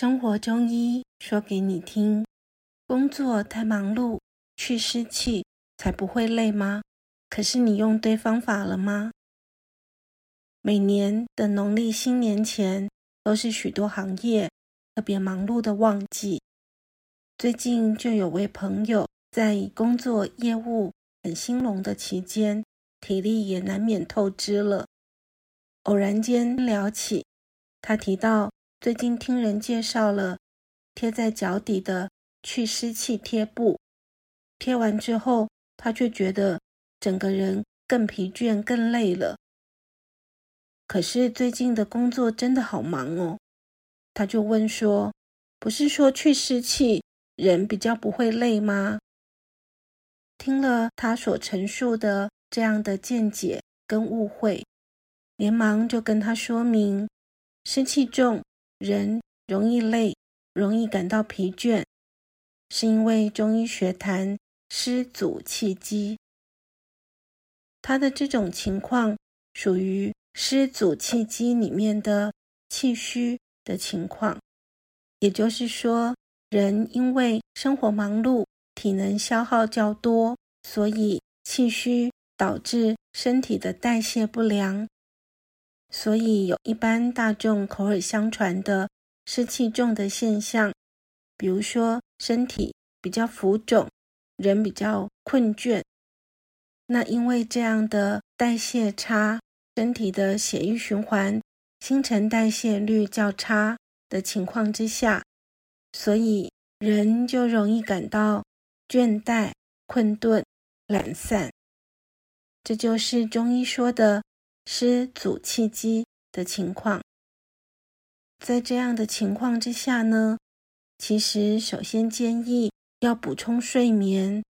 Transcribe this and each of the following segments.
生活中醫說給你聽，工作太忙碌，去濕氣才不會累嗎？可是你用對方法了嗎？每年的農曆新年前都是許多行業特別忙碌的旺季。最近就有位朋友在工作業務很興隆的期間，體力也難免透支了。偶然間聊起，他提到。最近聽人介紹了貼在腳底的去濕氣貼布，貼完之後，他卻覺得整個人更疲倦、更累了。可是最近的工作真的好忙哦，他就問說：“不是說去濕氣人比較不會累嗎？”聽了他所陳述的這樣的見解跟誤會，連忙就跟他說明，濕氣重。人容易累，容易感到疲倦，是因為中醫學談濕阻氣機。他的這種情況屬於濕阻氣機裡面的氣虛的情況，也就是說，人因為生活忙碌，體能消耗較多，所以氣虛導致身體的代謝不良。所以有一般大眾口耳相傳的濕氣重的現象，比如說身體比較浮腫，人比較困倦。那因為這樣的代謝差，身體的血液循環、新陳代謝率較差的情況之下，所以人就容易感到倦怠、困頓、懶散。這就是中醫說的，濕阻氣機的情況，在這樣的情況之下呢，其實首先建議要補充睡眠，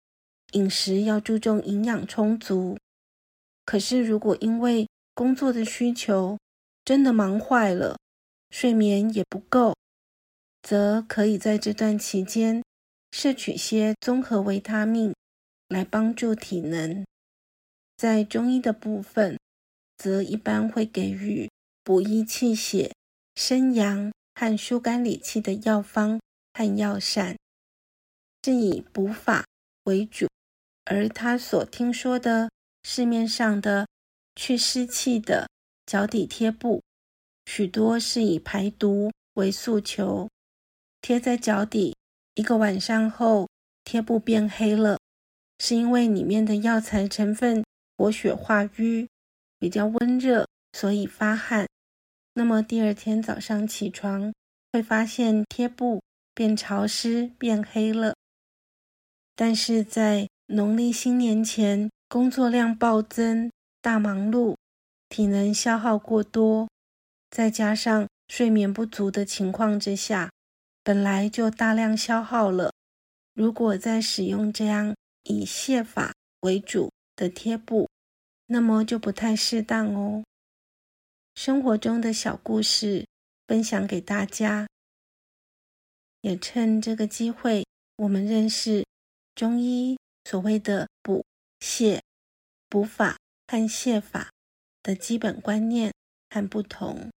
飲食要注重營養充足。可是如果因為工作的需求真的忙壞了，睡眠也不夠，則可以在這段期間攝取些綜合維他命來幫助體能。在中醫的部分。則一般會給予補益氣血、升陽和疏肝理氣的藥方和藥膳，是以補法為主。而他所聽說的市面上的去濕氣的腳底貼布，許多是以排毒為訴求，貼在腳底一個晚上後，貼布變黑了，是因為裡面的藥材成分活血化瘀，比較溫熱，所以發汗。那麼第二天早上起床，會發現貼布變潮濕、變黑了。但是在農曆新年前，工作量暴增、大忙碌，體能消耗過多，再加上睡眠不足的情況之下，本來就大量消耗了。如果再使用這樣以瀉法為主的貼布，那麼就不太適當哦。生活中的小故事分享給大家，也趁這個機會，我們認識中醫所謂的補瀉、補法和瀉法的基本觀念和不同。